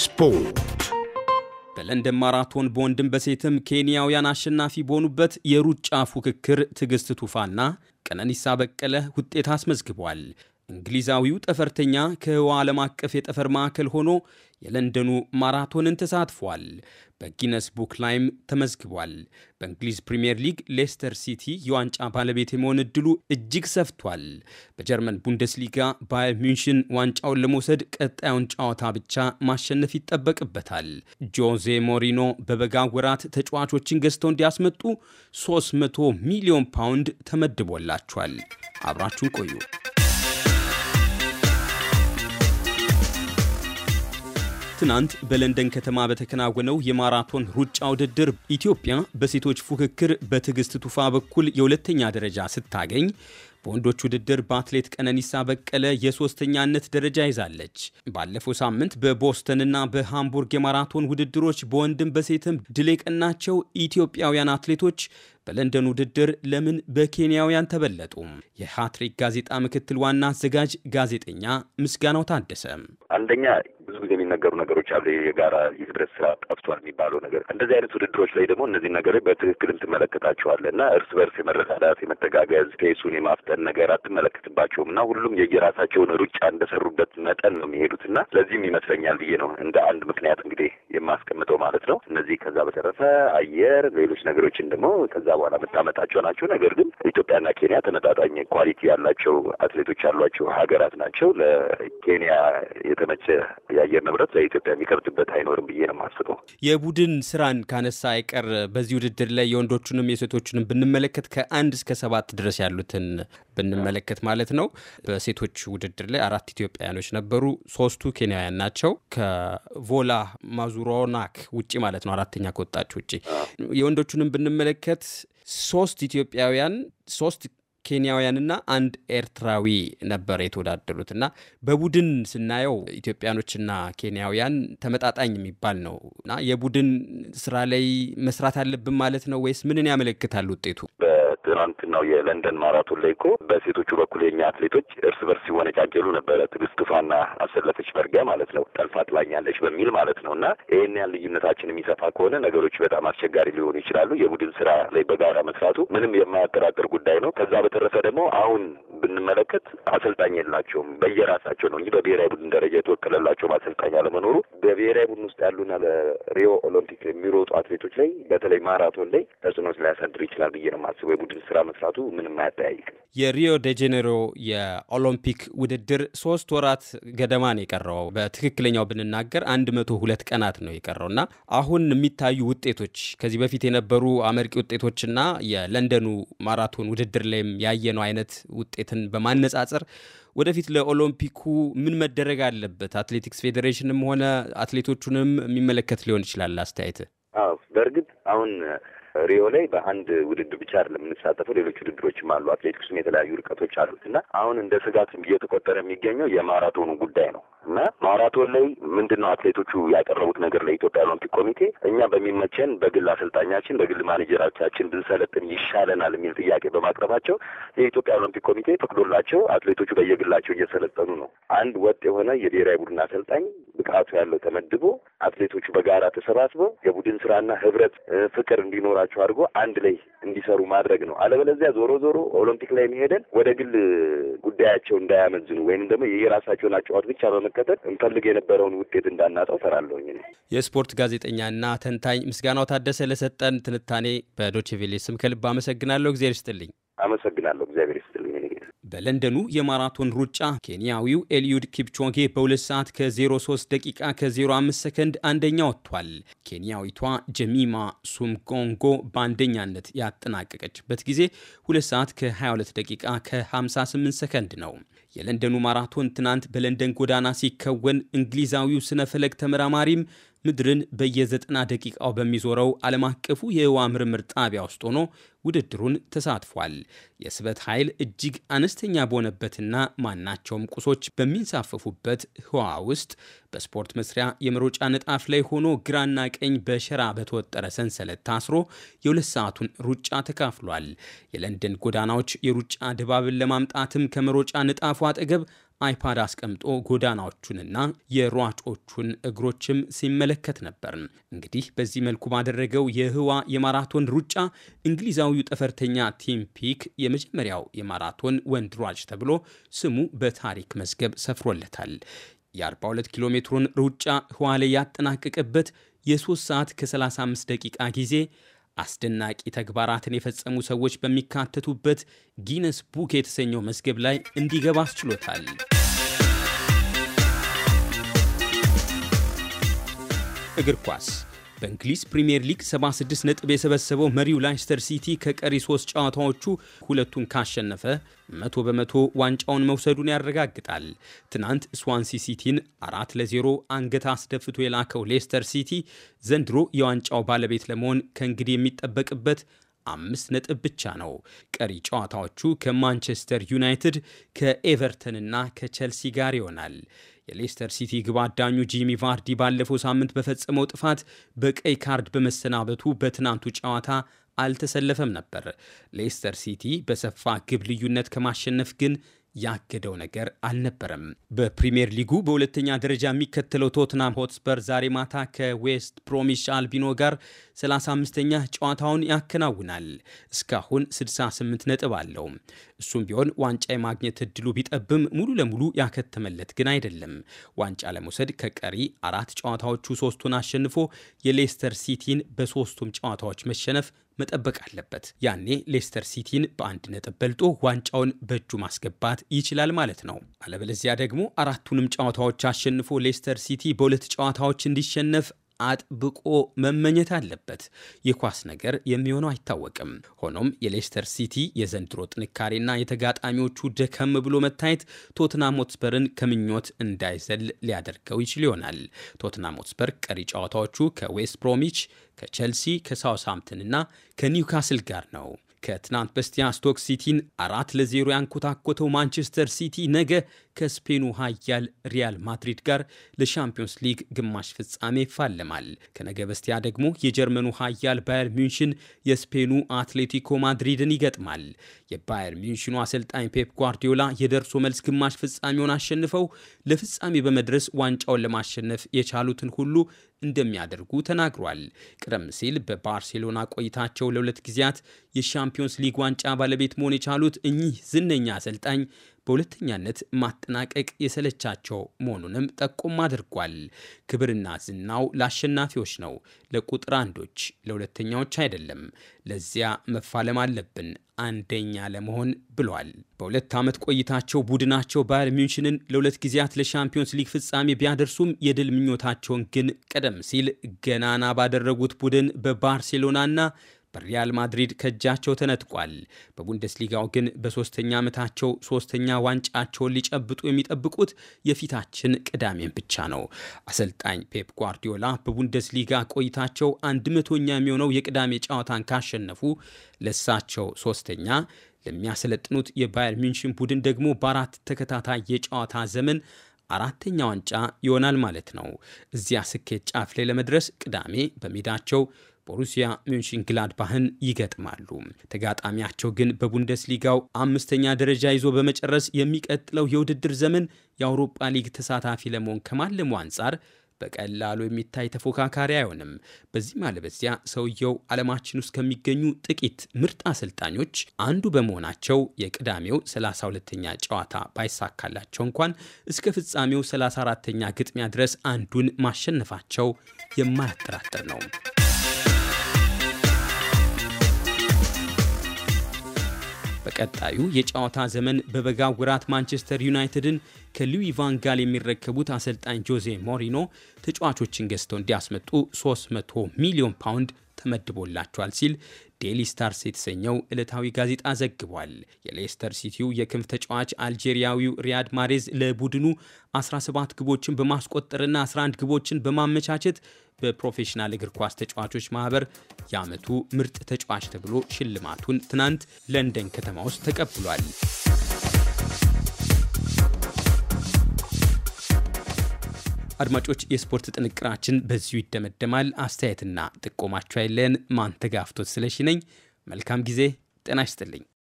ስፖርት በለንደን ማራቶን በወንድም በሴትም ኬንያውያን አሸናፊ በሆኑበት የሩጫ ፉክክር ትዕግስት ቱፋና ቀነኒሳ በቀለ ውጤት አስመዝግቧል። እንግሊዛዊው ጠፈርተኛ ከህዋ ዓለም አቀፍ የጠፈር ማዕከል ሆኖ የለንደኑ ማራቶንን ተሳትፏል። በጊነስ ቡክ ላይም ተመዝግቧል። በእንግሊዝ ፕሪምየር ሊግ ሌስተር ሲቲ የዋንጫ ባለቤት የመሆን እድሉ እጅግ ሰፍቷል። በጀርመን ቡንደስሊጋ ባየር ሚንሽን ዋንጫውን ለመውሰድ ቀጣዩን ጨዋታ ብቻ ማሸነፍ ይጠበቅበታል። ጆዜ ሞሪኖ በበጋ ወራት ተጫዋቾችን ገዝተው እንዲያስመጡ 300 ሚሊዮን ፓውንድ ተመድቦላቸዋል። አብራችሁን ቆዩ። ትናንት በለንደን ከተማ በተከናወነው የማራቶን ሩጫ ውድድር ኢትዮጵያ በሴቶች ፉክክር በትዕግስት ቱፋ በኩል የሁለተኛ ደረጃ ስታገኝ በወንዶች ውድድር በአትሌት ቀነኒሳ በቀለ የሶስተኛነት ደረጃ ይዛለች። ባለፈው ሳምንት በቦስተንና በሃምቡርግ የማራቶን ውድድሮች በወንድም በሴትም ድል የቀናቸው ኢትዮጵያውያን አትሌቶች በለንደን ውድድር ለምን በኬንያውያን ተበለጡ? የሃትሪክ ጋዜጣ ምክትል ዋና አዘጋጅ ጋዜጠኛ ምስጋናው ታደሰ፣ አንደኛ ጊዜ የሚነገሩ ነገሮች አሉ። የጋራ የህብረት ስራ ጠፍቷል የሚባለው ነገር እንደዚህ አይነት ውድድሮች ላይ ደግሞ እነዚህ ነገሮች በትክክልም ትመለከታቸዋለ እና እርስ በርስ የመረዳዳት የመተጋገዝ ፌሱን የማፍጠን ነገር አትመለከትባቸውም እና ሁሉም የየራሳቸውን ሩጫ እንደሰሩበት መጠን ነው የሚሄዱት እና ለዚህም ይመስለኛል ብዬ ነው እንደ አንድ ምክንያት እንግዲህ የማስቀምጠው ማለት ነው። እነዚህ ከዛ በተረፈ አየር፣ ሌሎች ነገሮችን ደግሞ ከዛ በኋላ የምታመጣቸው ናቸው። ነገር ግን ኢትዮጵያና ኬንያ ተመጣጣኝ ኳሊቲ ያላቸው አትሌቶች ያሏቸው ሀገራት ናቸው። ለኬንያ የተመቸ የአየር ንብረት ለኢትዮጵያ የሚከብድበት አይኖርም ብዬ ነው የማስበው። የቡድን ስራን ካነሳ አይቀር በዚህ ውድድር ላይ የወንዶቹንም የሴቶቹንም ብንመለከት ከአንድ እስከ ሰባት ድረስ ያሉትን ብንመለከት ማለት ነው። በሴቶች ውድድር ላይ አራት ኢትዮጵያውያኖች ነበሩ። ሶስቱ ኬንያውያን ናቸው ከቮላ ማዙ ዱሮናክ ውጭ ማለት ነው አራተኛ ከወጣች ውጭ የወንዶቹንም ብንመለከት ሶስት ኢትዮጵያውያን ሶስት ኬንያውያንና አንድ ኤርትራዊ ነበር የተወዳደሩት እና በቡድን ስናየው ኢትዮጵያኖችና ኬንያውያን ተመጣጣኝ የሚባል ነው እና የቡድን ስራ ላይ መስራት አለብን ማለት ነው ወይስ ምንን ያመለክታል ውጤቱ? የትናንትናው የለንደን ማራቶን ላይ እኮ በሴቶቹ በኩል የኛ አትሌቶች እርስ በርስ ሲወነጫጀሉ ነበረ። ትዕግስት ቱፋና አሰለፈች ማለት ነው። ጠልፋ ጥላኛለች በሚል ማለት ነው። እና ይህን ያን ልዩነታችን የሚሰፋ ከሆነ ነገሮች በጣም አስቸጋሪ ሊሆኑ ይችላሉ። የቡድን ስራ ላይ በጋራ መስራቱ ምንም የማያጠራጥር ጉዳይ ነው። ከዛ በተረፈ ደግሞ አሁን ብንመለከት አሰልጣኝ የላቸውም። በየራሳቸው ነው እንጂ በብሔራዊ ቡድን ደረጃ የተወከለላቸውም አሰልጣኝ አለመኖሩ በብሔራዊ ቡድን ውስጥ ያሉና ለሪዮ ኦሎምፒክ የሚሮጡ አትሌቶች ላይ በተለይ ማራቶን ላይ ተጽዕኖ ሊያሳድር ይችላል ብዬ ነው የማስበው የቡድን ስራ መስራቱ ምንም አያጠያይቅም። የሪዮ ዴጄኔሮ የኦሎምፒክ ውድድር ሶስት ወራት ገደማ ነው የቀረው። በትክክለኛው ብንናገር አንድ መቶ ሁለት ቀናት ነው የቀረው እና አሁን የሚታዩ ውጤቶች ከዚህ በፊት የነበሩ አመርቂ ውጤቶችና የለንደኑ ማራቶን ውድድር ላይም ያየነው አይነት ውጤትን በማነጻጸር ወደፊት ለኦሎምፒኩ ምን መደረግ አለበት? አትሌቲክስ ፌዴሬሽንም ሆነ አትሌቶቹንም የሚመለከት ሊሆን ይችላል አስተያየት። አዎ በእርግጥ አሁን ሪዮ ላይ በአንድ ውድድር ብቻ አይደለም የምንሳተፈው፣ ሌሎች ውድድሮችም አሉ። አትሌቲክስም የተለያዩ ርቀቶች አሉት እና አሁን እንደ ስጋት እየተቆጠረ የሚገኘው የማራቶኑ ጉዳይ ነው። እና ማራቶን ላይ ምንድን ነው አትሌቶቹ ያቀረቡት ነገር ለኢትዮጵያ ኦሎምፒክ ኮሚቴ እኛ በሚመቸን በግል አሰልጣኛችን በግል ማኔጀሮቻችን ብንሰለጥን ይሻለናል የሚል ጥያቄ በማቅረባቸው የኢትዮጵያ ኦሎምፒክ ኮሚቴ ፈቅዶላቸው አትሌቶቹ በየግላቸው እየሰለጠኑ ነው። አንድ ወጥ የሆነ የብሔራዊ ቡድን አሰልጣኝ ብቃቱ ያለው ተመድቦ አትሌቶቹ በጋራ ተሰባስበው የቡድን ስራና ህብረት ፍቅር እንዲኖራቸው አድርጎ አንድ ላይ እንዲሰሩ ማድረግ ነው። አለበለዚያ ዞሮ ዞሮ ኦሎምፒክ ላይ መሄደን ወደ ግል ጉዳያቸው እንዳያመዝኑ ወይም ደግሞ የራሳቸውን አጫዋት ብቻ በመ በመከተል እንፈልግ የነበረውን ውጤት እንዳናጣው ፈራለሁኝ። የስፖርት ጋዜጠኛና ተንታኝ ምስጋናው ታደሰ ለሰጠን ትንታኔ በዶችቬሌ ስም ከልብ አመሰግናለሁ። እግዚአብሔር ይስጥልኝ። አመሰግናለሁ። እግዚአብሔር በለንደኑ የማራቶን ሩጫ ኬንያዊው ኤልዩድ ኪፕቾጌ በ2 ሰዓት ከ03 ደቂቃ ከ05 ሰከንድ አንደኛ ወጥቷል። ኬንያዊቷ ጀሚማ ሱምጎንጎ በአንደኛነት ያጠናቀቀችበት ጊዜ 2 ሰዓት ከ22 ደቂቃ ከ58 ሰከንድ ነው። የለንደኑ ማራቶን ትናንት በለንደን ጎዳና ሲከወን እንግሊዛዊው ስነ ፈለግ ተመራማሪም ምድርን በየ ደቂቃው በሚዞረው ዓለም አቀፉ የህዋ ምርምር ጣቢያ ውስጥ ሆኖ ውድድሩን ተሳትፏል። የስበት ኃይል እጅግ አነስተኛ በሆነበትና ማናቸውም ቁሶች በሚንሳፈፉበት ህዋ ውስጥ በስፖርት መስሪያ የመሮጫ ንጣፍ ላይ ሆኖ ግራና ቀኝ በሸራ በተወጠረ ሰንሰለት ታስሮ የሁለት ሰዓቱን ሩጫ ተካፍሏል። የለንደን ጎዳናዎች የሩጫ ድባብን ለማምጣትም ከመሮጫ ንጣፉ አጠገብ አይፓድ አስቀምጦ ጎዳናዎቹንና የሯጮቹን እግሮችም ሲመለከት ነበር። እንግዲህ በዚህ መልኩ ባደረገው የህዋ የማራቶን ሩጫ እንግሊዛዊው ጠፈርተኛ ቲም ፒክ የመጀመሪያው የማራቶን ወንድ ሯጭ ተብሎ ስሙ በታሪክ መዝገብ ሰፍሮለታል። የ42 ኪሎ ሜትሩን ሩጫ ህዋ ላይ ያጠናቀቀበት የ3 ሰዓት ከ35 ደቂቃ ጊዜ አስደናቂ ተግባራትን የፈጸሙ ሰዎች በሚካተቱበት ጊነስ ቡክ የተሰኘው መዝገብ ላይ እንዲገባ አስችሎታል። እግር ኳስ በእንግሊዝ ፕሪምየር ሊግ 76 ነጥብ የሰበሰበው መሪው ላይስተር ሲቲ ከቀሪ ሶስት ጨዋታዎቹ ሁለቱን ካሸነፈ መቶ በመቶ ዋንጫውን መውሰዱን ያረጋግጣል። ትናንት ስዋንሲ ሲቲን አራት ለዜሮ አንገት አስደፍቶ የላከው ሌስተር ሲቲ ዘንድሮ የዋንጫው ባለቤት ለመሆን ከእንግዲህ የሚጠበቅበት አምስት ነጥብ ብቻ ነው። ቀሪ ጨዋታዎቹ ከማንቸስተር ዩናይትድ ከኤቨርተንና ከቸልሲ ጋር ይሆናል። የሌስተር ሲቲ ግብ አዳኙ ጂሚ ቫርዲ ባለፈው ሳምንት በፈጸመው ጥፋት በቀይ ካርድ በመሰናበቱ በትናንቱ ጨዋታ አልተሰለፈም ነበር። ሌስተር ሲቲ በሰፋ ግብ ልዩነት ከማሸነፍ ግን ያገደው ነገር አልነበረም። በፕሪምየር ሊጉ በሁለተኛ ደረጃ የሚከተለው ቶትናም ሆትስፐር ዛሬ ማታ ከዌስት ፕሮሚስ አልቢኖ ጋር 35ኛ ጨዋታውን ያከናውናል። እስካሁን 68 ነጥብ አለው። እሱም ቢሆን ዋንጫ የማግኘት እድሉ ቢጠብም ሙሉ ለሙሉ ያከተመለት ግን አይደለም። ዋንጫ ለመውሰድ ከቀሪ አራት ጨዋታዎቹ ሶስቱን አሸንፎ የሌስተር ሲቲን በሶስቱም ጨዋታዎች መሸነፍ መጠበቅ አለበት። ያኔ ሌስተር ሲቲን በአንድ ነጥብ በልጦ ዋንጫውን በእጁ ማስገባት ይችላል ማለት ነው። አለበለዚያ ደግሞ አራቱንም ጨዋታዎች አሸንፎ ሌስተር ሲቲ በሁለት ጨዋታዎች እንዲሸነፍ አጥብቆ መመኘት አለበት። የኳስ ነገር የሚሆነው አይታወቅም። ሆኖም የሌስተር ሲቲ የዘንድሮ ጥንካሬና የተጋጣሚዎቹ ደከም ብሎ መታየት ቶትናም ሆትስፐርን ከምኞት እንዳይዘል ሊያደርገው ይችል ይሆናል። ቶትናም ሆትስፐር ቀሪ ጨዋታዎቹ ከዌስት ብሮሚች ከቸልሲ እና ከኒውካስል ጋር ነው። ከትናንት በስቲያ ስቶክ ሲቲን አራት ለዜሮ ያንኮታኮተው ማንቸስተር ሲቲ ነገ ከስፔኑ ኃያል ሪያል ማድሪድ ጋር ለሻምፒዮንስ ሊግ ግማሽ ፍጻሜ ይፋለማል። ከነገ በስቲያ ደግሞ የጀርመኑ ኃያል ባየር ሚንሽን የስፔኑ አትሌቲኮ ማድሪድን ይገጥማል። የባየር ሚንሽኑ አሰልጣኝ ፔፕ ጓርዲዮላ የደርሶ መልስ ግማሽ ፍጻሜውን አሸንፈው ለፍጻሜ በመድረስ ዋንጫውን ለማሸነፍ የቻሉትን ሁሉ እንደሚያደርጉ ተናግሯል። ቀደም ሲል በባርሴሎና ቆይታቸው ለሁለት ጊዜያት የሻምፒዮንስ ሊግ ዋንጫ ባለቤት መሆን የቻሉት እኚህ ዝነኛ አሰልጣኝ በሁለተኛነት ማጠናቀቅ የሰለቻቸው መሆኑንም ጠቁም አድርጓል። ክብርና ዝናው ለአሸናፊዎች ነው፣ ለቁጥር አንዶች፣ ለሁለተኛዎች አይደለም። ለዚያ መፋለም አለብን አንደኛ ለመሆን ብሏል። በሁለት ዓመት ቆይታቸው ቡድናቸው ባየር ሚንሽንን ለሁለት ጊዜያት ለሻምፒዮንስ ሊግ ፍጻሜ ቢያደርሱም የድል ምኞታቸውን ግን ቀደም ሲል ገናና ባደረጉት ቡድን በባርሴሎናና በሪያል ማድሪድ ከእጃቸው ተነጥቋል። በቡንደስሊጋው ግን በሶስተኛ ዓመታቸው ሶስተኛ ዋንጫቸውን ሊጨብጡ የሚጠብቁት የፊታችን ቅዳሜን ብቻ ነው። አሰልጣኝ ፔፕ ጓርዲዮላ በቡንደስሊጋ ቆይታቸው አንድ መቶኛ የሚሆነው የቅዳሜ ጨዋታን ካሸነፉ ለሳቸው ሶስተኛ ለሚያሰለጥኑት የባየር ሚንሽን ቡድን ደግሞ በአራት ተከታታይ የጨዋታ ዘመን አራተኛ ዋንጫ ይሆናል ማለት ነው። እዚያ ስኬት ጫፍ ላይ ለመድረስ ቅዳሜ በሜዳቸው ቦሩሲያ ሚንሽን ግላድባህን ይገጥማሉ። ተጋጣሚያቸው ግን በቡንደስሊጋው አምስተኛ ደረጃ ይዞ በመጨረስ የሚቀጥለው የውድድር ዘመን የአውሮፓ ሊግ ተሳታፊ ለመሆን ከማለሙ አንጻር በቀላሉ የሚታይ ተፎካካሪ አይሆንም። በዚህ ማለበዚያ ሰውየው ዓለማችን ውስጥ ከሚገኙ ጥቂት ምርጥ አሰልጣኞች አንዱ በመሆናቸው የቅዳሜው 32ተኛ ጨዋታ ባይሳካላቸው እንኳን እስከ ፍጻሜው 34ተኛ ግጥሚያ ድረስ አንዱን ማሸነፋቸው የማያጠራጥር ነው። በቀጣዩ የጨዋታ ዘመን በበጋ ውራት ማንቸስተር ዩናይትድን ከሉዊ ቫን ጋል የሚረከቡት አሰልጣኝ ጆዜ ሞሪኖ ተጫዋቾችን ገዝተው እንዲያስመጡ 300 ሚሊዮን ፓውንድ ተመድቦላቸዋል ሲል ዴሊ ስታርስ የተሰኘው ዕለታዊ ጋዜጣ ዘግቧል። የሌስተር ሲቲው የክንፍ ተጫዋች አልጄሪያዊው ሪያድ ማሬዝ ለቡድኑ 17 ግቦችን በማስቆጠርና 11 ግቦችን በማመቻቸት በፕሮፌሽናል እግር ኳስ ተጫዋቾች ማህበር የዓመቱ ምርጥ ተጫዋች ተብሎ ሽልማቱን ትናንት ለንደን ከተማ ውስጥ ተቀብሏል። አድማጮች፣ የስፖርት ጥንቅራችን በዚሁ ይደመደማል። አስተያየትና ጥቆማችሁ አይለን። ማንተጋፍቶት ስለሺ ነኝ። መልካም ጊዜ። ጤና ይስጥልኝ።